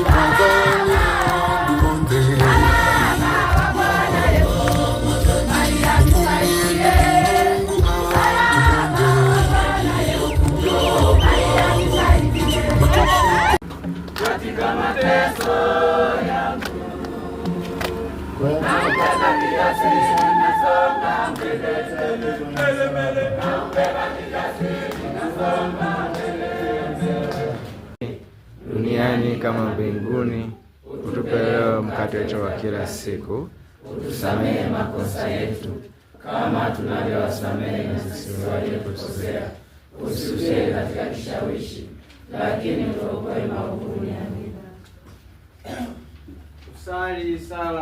say duniani kama mbinguni. Utupe leo mkate wetu wa kila siku. Utusamehe makosa yetu kama tunavyowasamehe na sisi waliotukosea, usitie katika kishawishi, lakini tuokoe maovuni. Amina. sali sala